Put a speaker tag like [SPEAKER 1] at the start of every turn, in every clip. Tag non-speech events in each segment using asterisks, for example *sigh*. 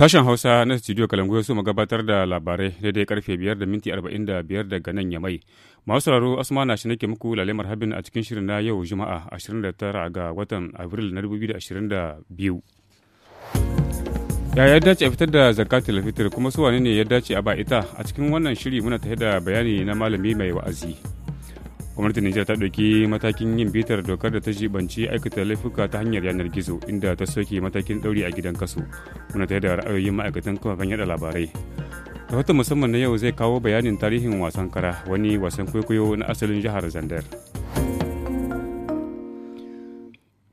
[SPEAKER 1] Sashen Hausa na Studio Kalangu ya so mu gabatar da labarai daidai karfe 5 da minti 45 daga nan ya mai Masu sauraro Asma na shi nake muku lalemar habin a cikin shirin na yau Juma'a 29 ga watan Abril na 2022. Yaya dace a fitar da zakatul fitr kuma su wane ne ya dace a ba ita a cikin wannan shiri muna tare da bayani na malami mai wa'azi. gwamnatin nijar ta ɗauki matakin yin bitar dokar da ta jibanci aikata laifuka ta hanyar yanar gizo inda ta soke matakin ɗauri a gidan kaso muna tare da ra'ayoyin ma'aikatan kafafen yada labarai rahoton musamman na yau zai kawo bayanin tarihin wasan kara wani wasan kwaikwayo na asalin jihar zandar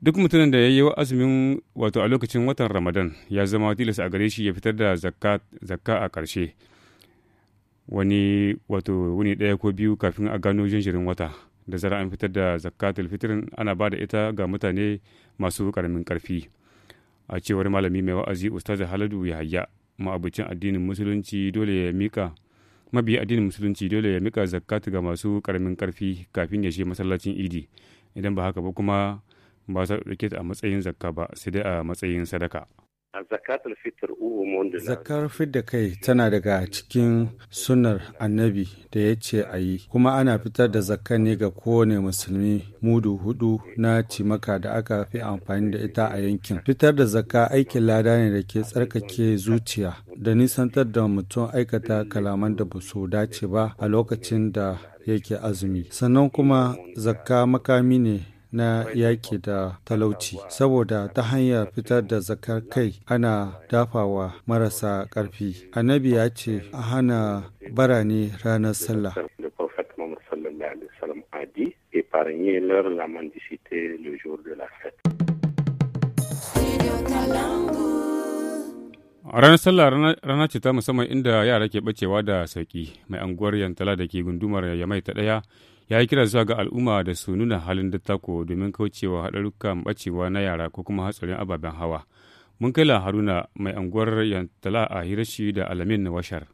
[SPEAKER 1] duk mutumin da ya yi azumin wato a lokacin watan ramadan ya zama tilasta a gare shi ya fitar da zakka a ƙarshe wani wato wuni ɗaya ko biyu kafin a gano jinjirin wata da zara an fitar da zakatul fitrin ana ba da ita ga mutane masu karamin karfi a cewar malami mai wa'azi ustaz haladu yahaya ma'abucin addinin musulunci dole ya mika mabi addinin musulunci dole ya mika zakat ga masu karamin karfi kafin ya je masallacin idi idan ba haka ba kuma ba za a a matsayin zakka ba sai dai a matsayin sadaka
[SPEAKER 2] Um zakar fidda kai tana daga cikin sunar annabi da ya ce a yi kuma ana fitar da zakka ne ga kowane musulmi mudu hudu na cimaka da aka fi amfani da ita a yankin fitar da zakka aikin lada ne da ke tsarkake zuciya da nisantar da mutum aikata kalaman da ba su dace ba a lokacin da yake azumi sannan kuma zakka makami ne na yaƙi da talauci saboda ta hanyar fitar da zakar kai ana dafawa marasa ƙarfi annabi ya ce a hana barani ranar sallah
[SPEAKER 1] A ranar sallah rana ce ta musamman inda yara ke bacewa da sauki mai anguwar yantala da ke gundumar yamai ta ɗaya ya yi kira zuwa ga al'umma da su nuna halin dattako domin kaucewa haɗarurrukan ɓacewa na yara ko kuma hatsarin ababen hawa mun kai la haruna mai anguwar yantala a hirashi da alamin washar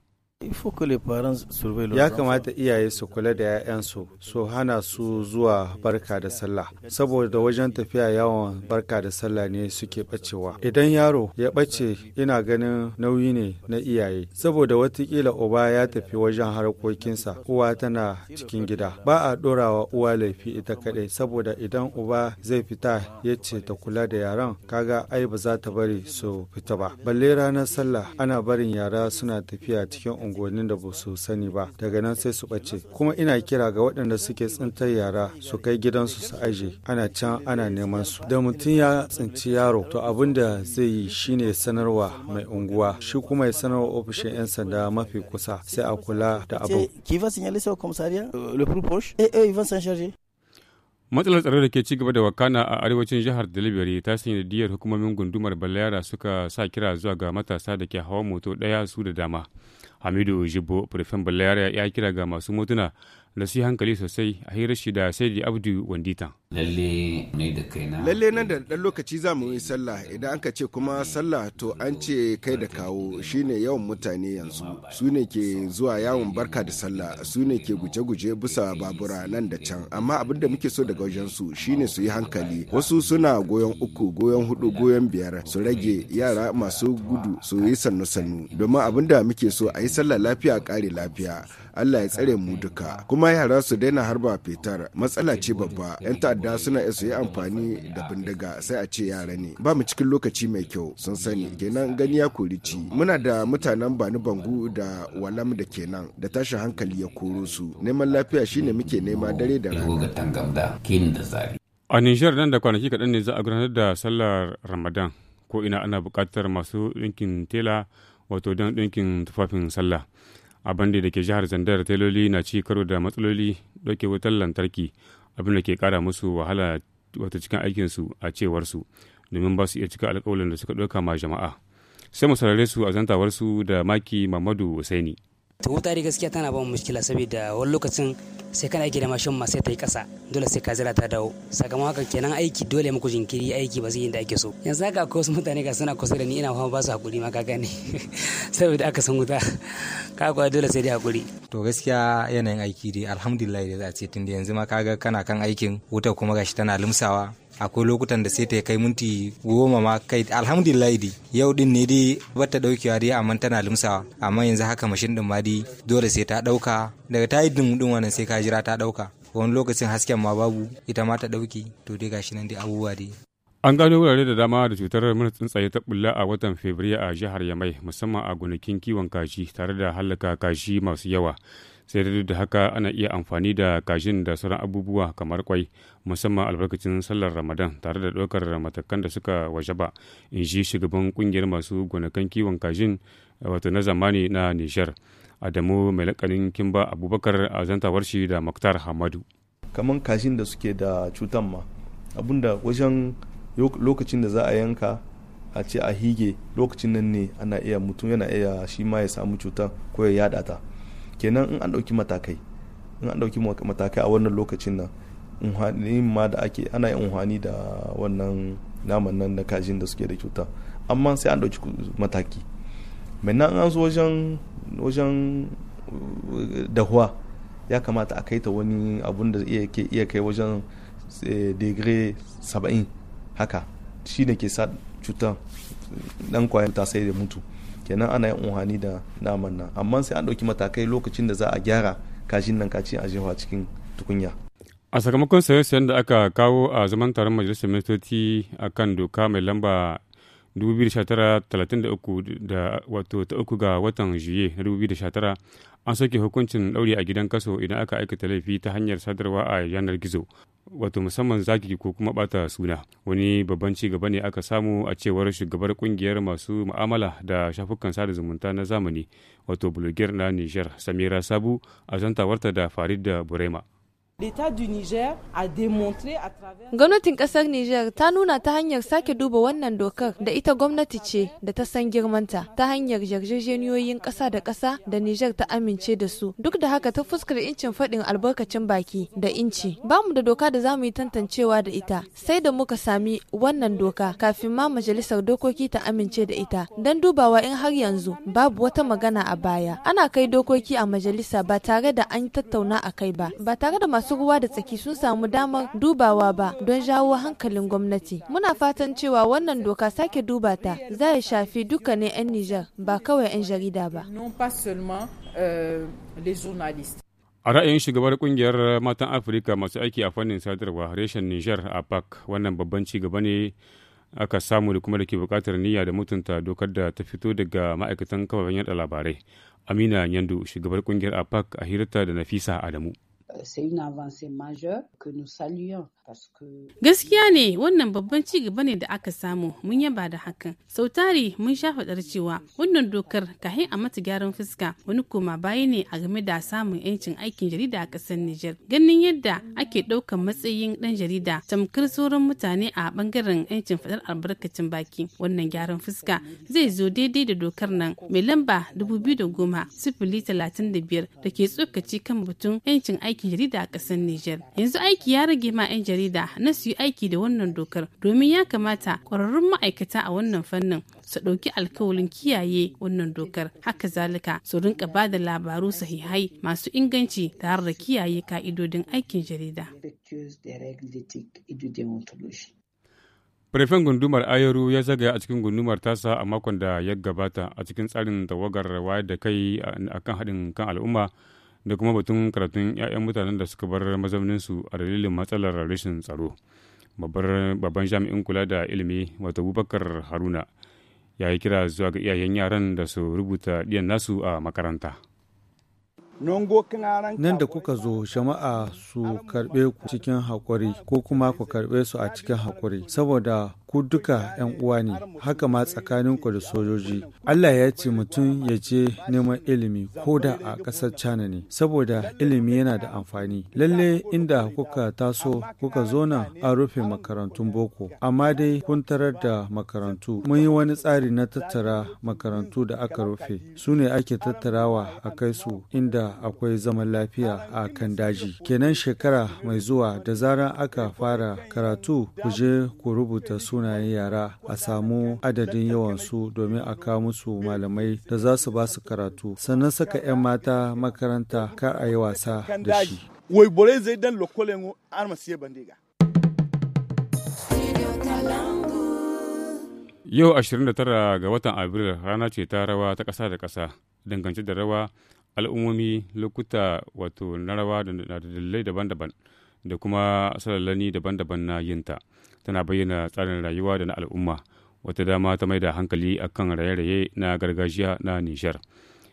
[SPEAKER 2] Ya kamata iyaye su kula da 'ya'yansu su hana su zuwa barka da sallah saboda wajen tafiya yawon barka da sallah ne suke bacewa. Idan yaro ya bace ina ganin nauyi ne na iyaye saboda watakila uba ya tafi wajen harkokinsa uwa tana cikin gida. Ba a ɗorawa uwa laifi ita kaɗai saboda idan uba zai fita ya ce ta kula da yaran kaga ai ba za ta bari su fita ba. Balle ranar sallah ana barin yara suna tafiya cikin unguwannin da ba su sani ba daga nan sai su ɓace kuma ina kira ga waɗanda suke tsintar yara su kai gidansu su aje ana can ana neman su da mutum ya tsinci yaro to abin da zai yi shine sanarwa mai unguwa shi kuma ya sanarwa ofishin 'yan sanda mafi kusa sai a kula da abu.
[SPEAKER 1] matsalar tsaro da ke ci gaba da wakana a arewacin jihar delivery ta sanya diyar hukumomin gundumar balayara suka sa kira zuwa ga matasa da ke hawa moto ɗaya su da dama hamidu jibo firfin balayara ya kira ga masu motuna da su hankali sosai a hirar shi da saidi abdu wandita lalle ne da kaina
[SPEAKER 3] nan da dan lokaci za mu yi sallah idan an ka ce kuma sallah to an ce kai da kawo shine yawan mutane yanzu su ne ke zuwa yawon barka da sallah su ne ke guje-guje bisa babura nan da can amma abin da muke so daga wajen su shine su yi hankali wasu suna goyon uku goyon hudu goyon biyar su rage yara masu gudu su yi sannu-sannu domin abin da muke so a yi sallah lafiya kare lafiya Allah ya tsare mu duka kuma yara su daina harba fetar matsala ce babba yan ta'adda suna iya su yi amfani da bindiga sai a ce yara ne ba mu cikin lokaci mai kyau sun sani kenan gani ya kori ci muna da mutanen bani bangu da walam da kenan da tashin hankali ya koro su neman lafiya shine muke nema dare da rana
[SPEAKER 1] a nishiyar nan da kwanaki kaɗan ne za a gudanar da sallar ramadan ko ina ana buƙatar masu ɗinkin tela wato don ɗinkin tufafin sallah a bande da ke jihar zandar teloli na ci karo da matsaloli dauke wutar lantarki abin da ke kara musu wahala wata cikin aikinsu a cewarsu domin ba su iya cika alkawalin da suka ɗauka ma jama'a sai mu saurare su a zantawarsu da maki mamadu husaini
[SPEAKER 3] to wuta gaskiya tana ba mu mushkila saboda wani lokacin sai kana aiki da mashin ma sai ta yi ƙasa dole sai ka zira ta dawo sakamakon haka kenan aiki dole muku jinkiri aiki ba zai yi da ake so yanzu haka akwai wasu mutane ga suna kusa da ni ina kuma ba su hakuri ma ka gane *laughs* saboda aka san wuta
[SPEAKER 4] ka kuwa dole sai dai hakuri to gaskiya yanayin aiki dai alhamdulillah da za a ce tunda yanzu ma kaga kana kan aikin wuta kuma gashi tana limsawa akwai lokutan da sai ta kai minti goma ma kai alhamdulillah dai yau din ne dai bata daukewa dai amma tana limsawa amma yanzu haka mashin din ma dai dole sai ta dauka daga ta yi din wannan sai ka jira ta dauka wani lokacin hasken ma babu ita ma ta dauki to dai gashi nan dai abubuwa dai
[SPEAKER 1] an gano wurare da dama da cutar mura tsuntsaye ta bulla a watan fabrairu a jihar yamai musamman a gonakin kiwon kashi tare da hallaka kashi masu yawa sai da duk da haka ana iya amfani da kashin da sauran abubuwa kamar kwai musamman albarkacin sallar ramadan tare da ɗaukar matakan da suka ba in ji shugaban kungiyar masu gonakan kiwon kashin wato na zamani na nishar adamu mai lakanin kimba abubakar a zantawar shi da maktar hamadu
[SPEAKER 2] kamar kashin da suke da cutan ma abinda wajen lokacin da za a yanka a ce a hige lokacin nan ne ana iya mutum yana iya shi ma ya samu cutar ko ya yada ta kenan in an ɗauki matakai in an ɗauki matakai a wannan lokacin nan unhanin ma da ake ana yin unhani da wannan naman nan na kajin da suke da cuta amma sai an ɗauki mataki maintenant an zo wajen wajen eh, dahuwa ya kamata a kai ta wani abun da iya kai wajen eh, degree 70 haka shi ne ke sa cutar dan kwayar ta sai da mutu kenan ana yin unhani da naman nan amma sai an ɗauki matakai lokacin da za a gyara kashin nan kaci a jefa cikin
[SPEAKER 1] tukunya a sakamakon saye-sayen da aka kawo a zaman taron majalisar ministoci a kan doka mai lamba 2019-33 da wato ta uku ga watan juye 2019 an soke hukuncin ɗauri a gidan kaso idan aka aikata laifi ta hanyar sadarwa a yanar gizo wato musamman zaki ko kuma bata suna wani babban ci gaba ne aka samu a cewar shugabar kungiyar masu mu'amala da shafukan sada zumunta na zamani wato bulogiyar na niger samira sabu a zantawarta da farid da burema
[SPEAKER 3] Gwamnatin ƙasar Nijar ta nuna ta hanyar
[SPEAKER 2] sake duba wannan dokar da ita gwamnati ce da ta san girmanta ta hanyar yarjejeniyoyin ƙasa da ƙasa da Nijar ta amince da su. Duk da haka ta fuskar incin faɗin albarkacin baki da inci. Ba mu da doka da za mu yi tantancewa da ita sai da muka sami wannan doka kafin ma majalisar dokoki ta amince da ita. Don dubawa in har yanzu babu wata magana a baya. Ana kai dokoki a majalisa ba tare da an tattauna a kai ba. Ba tare da masu masu ruwa da tsaki sun samu damar dubawa ba don jawo hankalin gwamnati. Muna fatan cewa wannan doka sake duba ta za ya shafi dukkanin 'yan Nijar ba kawai 'yan jarida
[SPEAKER 3] ba. Euh,
[SPEAKER 1] a ra'ayin shugabar kungiyar matan Afirka masu aiki a fannin sadarwa reshen Nijar a Park wannan babban ci gaba ne aka samu da kuma da ke bukatar niyya da mutunta dokar da ta fito daga ma'aikatan kafafen yada labarai. Amina Yandu shugabar kungiyar a pak a hirarta da Nafisa Adamu. Euh, c'est gaskiya ne wannan babban ci gaba ne da aka samu mun yaba da hakan sau tari mun sha faɗar cewa wannan dokar kahin a mata gyaran fuska wani koma baya ne a game da samun yancin aikin jarida a ƙasar Nijar ganin yadda ake ɗaukar matsayin ɗan jarida tamkar sauran mutane a ɓangaren yancin faɗar albarkacin baki wannan gyaran fuska zai zo daidai da dokar nan mai lamba dubu biyu da 2010 sifili 35 da ke tsokaci kan batun yancin aikin aikin jarida a ƙasar Nijar. Yanzu aiki ya rage ma 'yan jarida na su yi aiki da wannan dokar domin ya kamata ƙwararrun ma'aikata a wannan fannin su ɗauki alkawalin kiyaye wannan dokar haka zalika su rinka ba da labaru sahihai masu inganci har da kiyaye ka'idodin aikin jarida. Firfen gundumar Ayaru ya zagaya a cikin gundumar tasa a makon da ya gabata a cikin tsarin tawagar wayar da kai akan haɗin kan al'umma da kuma batun karatun 'ya'yan mutanen da suka bar mazauninsu a dalilin matsalar rashin tsaro babban jami'in kula da ilimi wata bubakar haruna ya yi kira zuwa ga iyayen yaran da su rubuta ɗiyan nasu a makaranta
[SPEAKER 2] nan da kuka zo jama'a su karɓe ku cikin haƙuri ko kuma ku karɓe su a cikin haƙuri saboda ku duka 'yan uwa ne, haka ma tsakaninku da sojoji. Allah ya ce mutum ya je neman ilimi ko da a ƙasar China ne, saboda ilimi yana da amfani. Lalle inda kuka taso kuka zo na an rufe makarantun boko, amma dai kun tarar da makarantu. Mun yi wani tsari na tattara makarantu da aka rufe, su ne ake tattarawa a kai su inda akwai zaman lafiya a kan daji. Kenan shekara mai zuwa da zarar aka fara karatu ku je ku rubuta suna sunayen yara a samu adadin yawansu domin a kawo musu malamai da za su ba su karatu sannan saka 'yan mata makaranta kar a yi wasa da shi
[SPEAKER 1] Yau 29 ga watan Abril rana ce ta rawa ta ƙasa da kasa dangance da rawa al'ummomi lokuta wato na rawa da dalilai daban-daban da kuma asalallani daban-daban na yinta. tana bayyana tsarin rayuwa da na al'umma wata dama ta mai da hankali kan raye-raye na gargajiya na nishar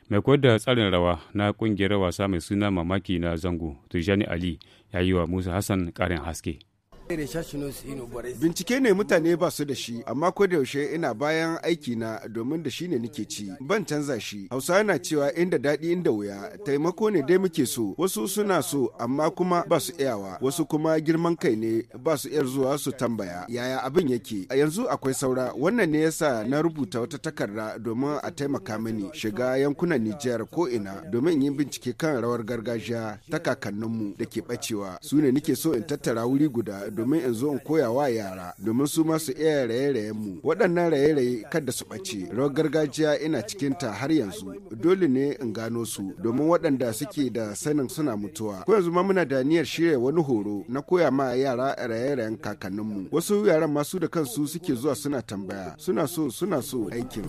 [SPEAKER 1] mai koyar da tsarin rawa na kungiyar wasa mai suna mamaki na zango tijjani ali ya yi wa musa hassan karin haske
[SPEAKER 3] Bincike ne mutane ba su da shi, amma ko da yaushe ina bayan aiki na domin da shi ne nake ci. Ban canza shi. Hausa na cewa inda daɗi inda wuya, taimako ne dai muke so. Wasu suna so amma kuma ba su iyawa, wasu kuma girman kai ne ba su iya zuwa su tambaya. Yaya abin yake? A yanzu akwai saura, wannan ne yasa na rubuta wata takarda domin a taimaka mini shiga yankunan Nijar ko ina domin yin bincike kan rawar gargajiya ta kakanninmu da ke bacewa. Su ne nake so in tattara wuri guda domin in zo in koya wa yara domin su ma su iya raye-rayen mu waɗannan raye-raye kada su ɓace rawar gargajiya ina cikin ta har yanzu dole ne in gano su domin waɗanda suke da sanin suna mutuwa ko yanzu ma muna da niyyar shirya wani horo na koya ma yara raye-rayen kakanninmu wasu yaran masu da kansu suke zuwa suna tambaya suna so suna so aikin.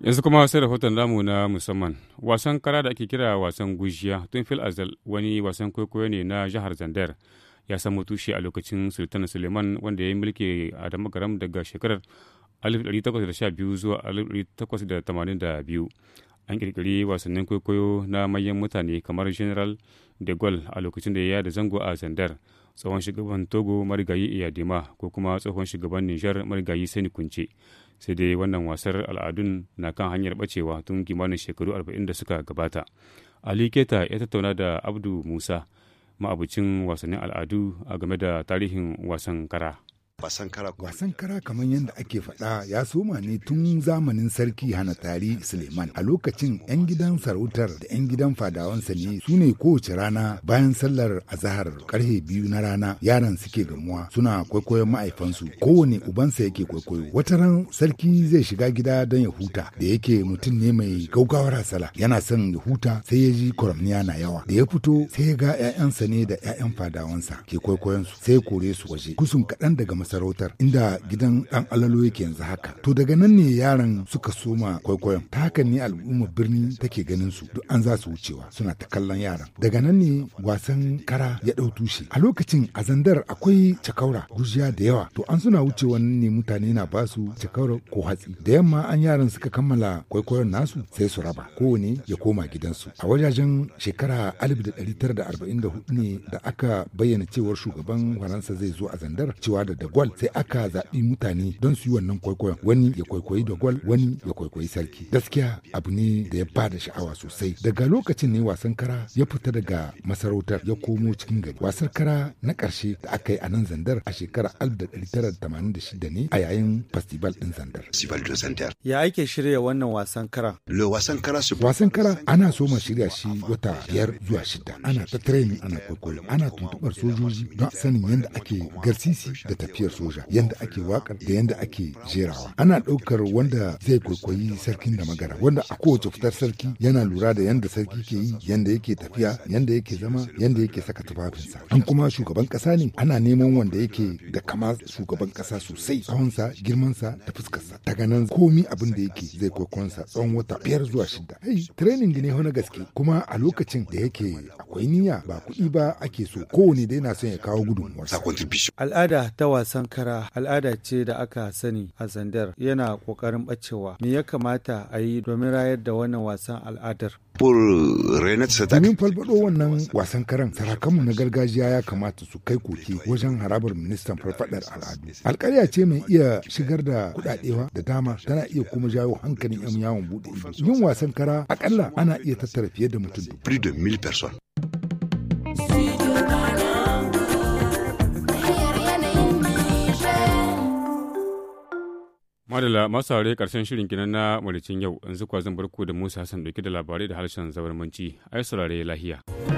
[SPEAKER 1] yanzu kuma sai rahoton namu na musamman wasan kara da ake kira wasan gujiya tun fil azal wani wasan kwaikwayo ne na jihar zandar ya samu tushe a lokacin sultan suleiman wanda ya yi mulki a damagaram daga shekarar 1812 zuwa 1882 an kirkiri wasannin kwaikwayo na manyan mutane kamar general de gaulle a lokacin da ya da zango a zandar tsohon shugaban togo marigayi iyadima ko kuma tsohon shugaban nijar marigayi sani kunce sai dai wannan wasar al'adun na kan hanyar bacewa tun kimanin shekaru arba'in da suka gabata ali keta ya tattauna da abdu musa ma'abucin wasannin al'adu a game da tarihin wasan kara Basankara.
[SPEAKER 4] kara kamar yadda ake faɗa ya soma ne tun zamanin sarki hana tari Suleiman. A lokacin 'yan gidan sarautar da 'yan gidan fadawansa ne su ne kowace rana bayan sallar azahar karfe biyu na rana yaran suke gamuwa suna kwaikwayon ma'aifansu kowane ubansa yake kwaikwayo. Wata ran sarki zai shiga gida don ya huta da yake mutum ne mai gaugawar hasala yana son ya huta sai ya ji kwaramniya na yawa da ya fito sai ya ga 'ya'yansa ne da 'ya'yan fadawansa ke kwaikwayon su sai ya kore su waje kusum kaɗan daga sarautar inda gidan dan alalo yake yanzu haka to daga nan ne yaran suka soma kwaikwayon ta haka ne al'umma birni take ganin su duk an za su wucewa suna ta kallon yaran daga nan ne wasan kara ya ɗau tushe a lokacin a zandar akwai cakaura gujiya da yawa to an suna wucewa ne mutane na ba su cakaura ko hatsi da yamma an yaran suka kammala kwaikwayon nasu sai su raba kowane ya koma gidansu a wajajen shekara alif da 1944 ne da aka bayyana cewar shugaban faransa zai zo a zandar cewa da gwal sai aka zaɓi mutane don su yi wannan kwaikwayon wani ya kwaikwayi da gwal wani ya kwaikwayi sarki gaskiya abu ne da ya ba da sha'awa sosai daga lokacin ne wasan kara ya fita daga masarautar ya komo cikin gari wasan kara na ƙarshe da aka yi a nan zandar a shekarar 1986 ne a yayin festival ɗin
[SPEAKER 2] zandar ya ake shirya wannan wasan kara wasan kara wasan
[SPEAKER 4] kara ana so ma shirya shi wata biyar zuwa shida ana ta training ana kwaikwayo ana tuntuɓar sojoji don sanin yadda ake garsisi da tafiyar tafiyar soja yanda ake waka da yanda ake jerawa ana ɗaukar wanda zai kwaikwayi sarkin da magara wanda a kowace fitar sarki yana lura da yanda sarki ke yi yanda yake tafiya yanda yake zama yanda yake saka tufafinsa an kuma shugaban ƙasa ne ana neman wanda yake da kama shugaban ƙasa sosai tsawonsa girmansa da fuskarsa daga nan komi abin da yake zai kwaikwansa tsawon wata biyar zuwa shida hey, training ne na gaske kuma a lokacin da yake akwai niyya ba kuɗi ba ake so kowane da yana son ya kawo
[SPEAKER 2] gudunmuwarsa al'ada ta wasa sankara al'ada ce da aka sani a zandar yana kokarin bacewa Me ya kamata a yi domin rayar da wannan wasan al'adar?
[SPEAKER 4] Domin falfaɗo wannan wasan karan sarakanmu na gargajiya ya kamata su kai koke wajen harabar ministan farfaɗar al'adu. Alƙarya ce mai iya shigar da kuɗaɗewa da dama tana iya kuma jawo hankalin 'yan yawon buɗe ido. Yin wasan kara akalla ana iya tattara fiye da mutum.
[SPEAKER 1] Madala masu haure karshen shirin kinan na maricin yau yanzu kwazan barku da Musa Hassan dauke da labarai da harshen zabarmanci ai saurare lahiya.